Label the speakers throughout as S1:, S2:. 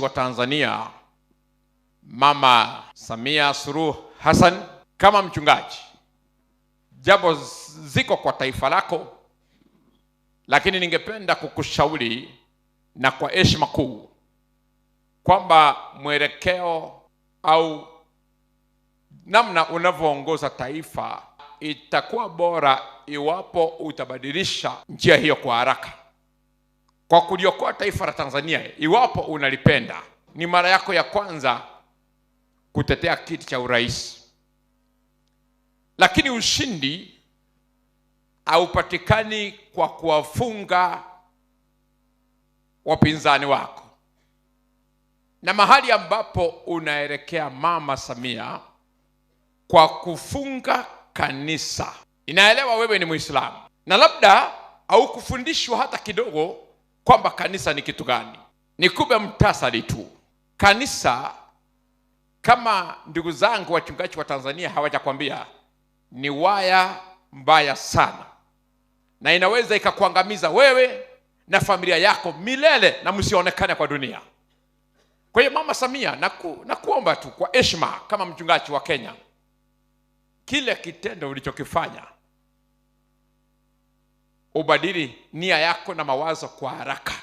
S1: wa Tanzania Mama Samia Suluhu Hassan, kama mchungaji, jambo ziko kwa taifa lako, lakini ningependa kukushauri na kwa heshima kuu kwamba mwelekeo au namna unavyoongoza taifa itakuwa bora iwapo utabadilisha njia hiyo kwa haraka kwa kuliokoa taifa la Tanzania iwapo unalipenda. Ni mara yako ya kwanza kutetea kiti cha urais, lakini ushindi haupatikani kwa kuwafunga wapinzani wako, na mahali ambapo unaelekea Mama Samia kwa kufunga kanisa. Inaelewa wewe ni Muislamu na labda haukufundishwa hata kidogo kwamba kanisa ni kitu gani. Nikupe mtasari tu, kanisa kama ndugu zangu wachungaji wa Tanzania hawajakwambia, ni waya mbaya sana, na inaweza ikakuangamiza wewe na familia yako milele na msionekane kwa dunia. Kwa hiyo Mama Samia, naku, nakuomba tu kwa heshima kama mchungaji wa Kenya, kile kitendo ulichokifanya ubadili nia yako na mawazo kwa haraka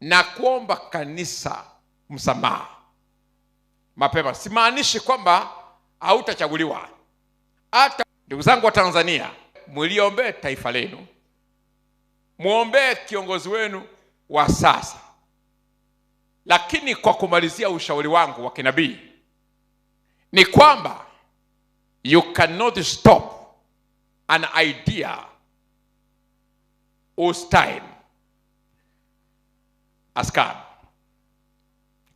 S1: na kuomba kanisa msamaha mapema. Simaanishi kwamba hautachaguliwa. Hata ndugu zangu wa Tanzania, mliombee taifa lenu, mwombee kiongozi wenu wa sasa. Lakini kwa kumalizia, ushauri wangu wa kinabii ni kwamba you cannot stop an idea Ostain askari,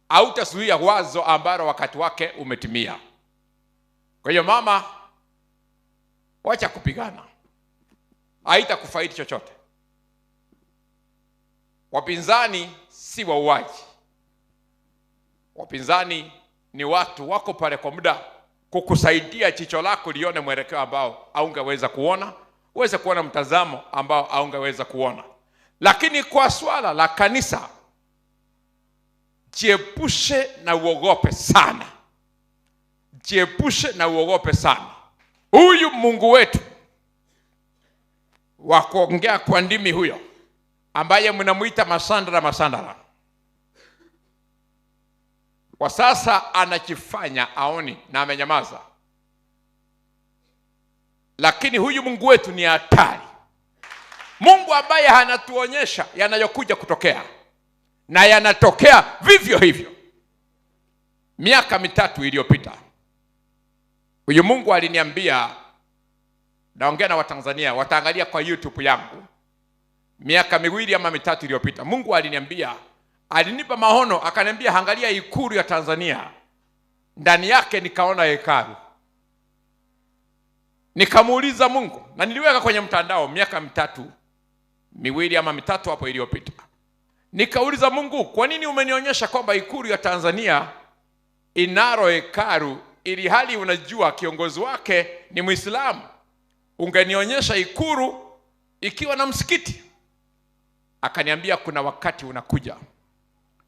S1: hautazuia wazo ambalo wakati wake umetimia. Kwa hiyo mama, wacha kupigana, haitakufaidi chochote. Wapinzani si wauaji, wapinzani ni watu wako pale kwa muda kukusaidia jicho lako lione mwelekeo ambao aungeweza kuona uweze kuona mtazamo ambao aungeweza kuona. Lakini kwa swala la kanisa, jiepushe na uogope sana, jiepushe na uogope sana. Huyu Mungu wetu wa kuongea kwa ndimi huyo ambaye mnamwita masandara masandara, kwa sasa anachifanya aoni na amenyamaza lakini huyu Mungu wetu ni hatari, Mungu ambaye anatuonyesha yanayokuja kutokea na yanatokea vivyo hivyo. Miaka mitatu iliyopita huyu Mungu aliniambia, naongea na Watanzania wataangalia kwa YouTube yangu, miaka miwili ama mitatu iliyopita, Mungu aliniambia, alinipa maono, akaniambia, angalia ikulu ya Tanzania, ndani yake nikaona hekaru Nikamuuliza Mungu na niliweka kwenye mtandao miaka mitatu miwili ama mitatu hapo iliyopita. Nikauliza Mungu, kwa nini umenionyesha kwamba Ikulu ya Tanzania inaro hekalu ili hali unajua kiongozi wake ni Muislamu? Ungenionyesha Ikulu ikiwa na msikiti. Akaniambia kuna wakati unakuja,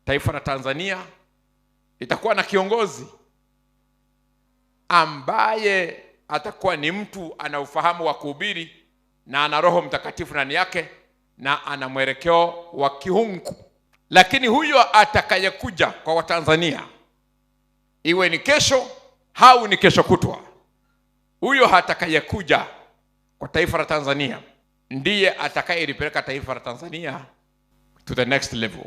S1: taifa la Tanzania litakuwa na kiongozi ambaye atakuwa ni mtu ana ufahamu wa kuhubiri na ana Roho Mtakatifu ndani yake na ana mwelekeo wa kiungu. Lakini huyo atakayekuja kwa Watanzania, iwe ni kesho au ni kesho kutwa, huyo atakayekuja kwa taifa la Tanzania ndiye atakayelipeleka taifa la Tanzania to the next level.